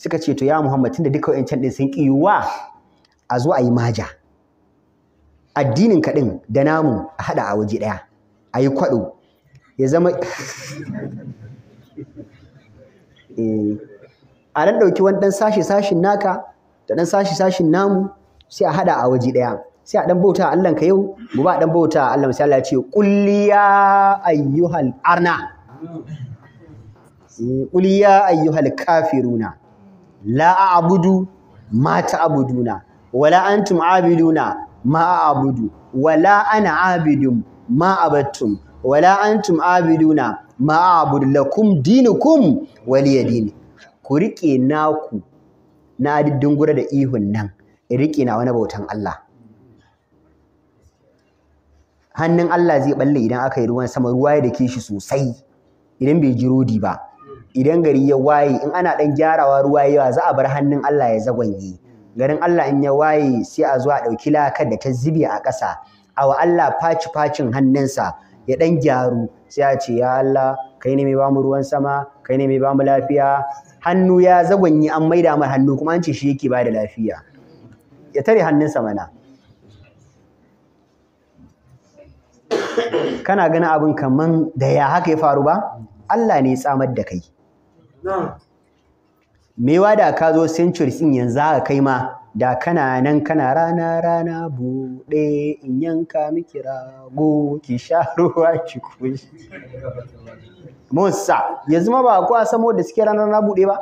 suka ce to ya Muhammad tunda duka wayancan din sun kiyuwa a zo a yi maja addinin ka din da namu a hada a waje daya a yi kwado ya zama eh, a ran ɗauki wani ɗan sashi sashin naka da ɗan sashi sashin namu sai a haɗa a waje ɗaya sai a ɗan bauta a ka yau gobe a ɗan bauta a Allah sai Allah ya ce kulliya ayyuhal arna kulliya eh, ayyuhal kafiruna la a'budu ma na. wala antum abiduna ma a'budu wala ana abidun ma abattum wala antum na ma a'budu kum dinukum ya dini ku rike ku na dingura da ihun nan rike na wani bautan Allah hannun Allah zai balle idan aka yi ruwan sama ruwa ya dake shi sosai idan bai ji rodi ba idan gari ya waye in ana ɗan gyarawa ruwa yawa za a bar hannun Allah ya zagwanye garin Allah in ya waye sai a zo a ɗauki lakar da ta zubi a ƙasa a wa Allah faci facin hannunsa ya ɗan gyaru sai a ce ya Allah kai ne mai bamu ruwan sama kai ne mai bamu lafiya hannu ya zagwanye an maida mar hannu kuma an ce shi yake bada lafiya ya tare hannunsa mana kana ganin abin kaman da ya haka ya faru ba Allah ne tsamar da kai mewa da ka zo centuries din yanzu haka kai ma da kana nan kana rana rana buɗe in yanka miki rago ki sha ruwa ki kushi musa yanzu ma ba ko a samo da suke rana rana buɗe ba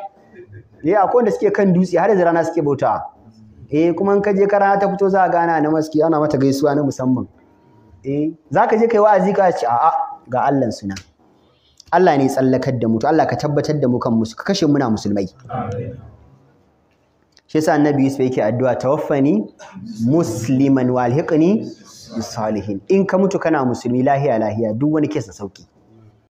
eh akwai wanda suke kan dutse har yanzu rana suke bauta eh kuma in ka je ka rana ta fito za a gana na maski ana mata gaisuwa na musamman eh za ka je kai wa'azi ka ce a'a ga Allah suna Allah ne tsallakar da mu to Allah ka tabbatar da mu kan musu ka kashe muna musulmai shi yasa annabi Yusuf yake addu'a tawaffani musliman walhiqni bisalihin in ka mutu kana musulmi lahiya lahiya duk wani kesa sauki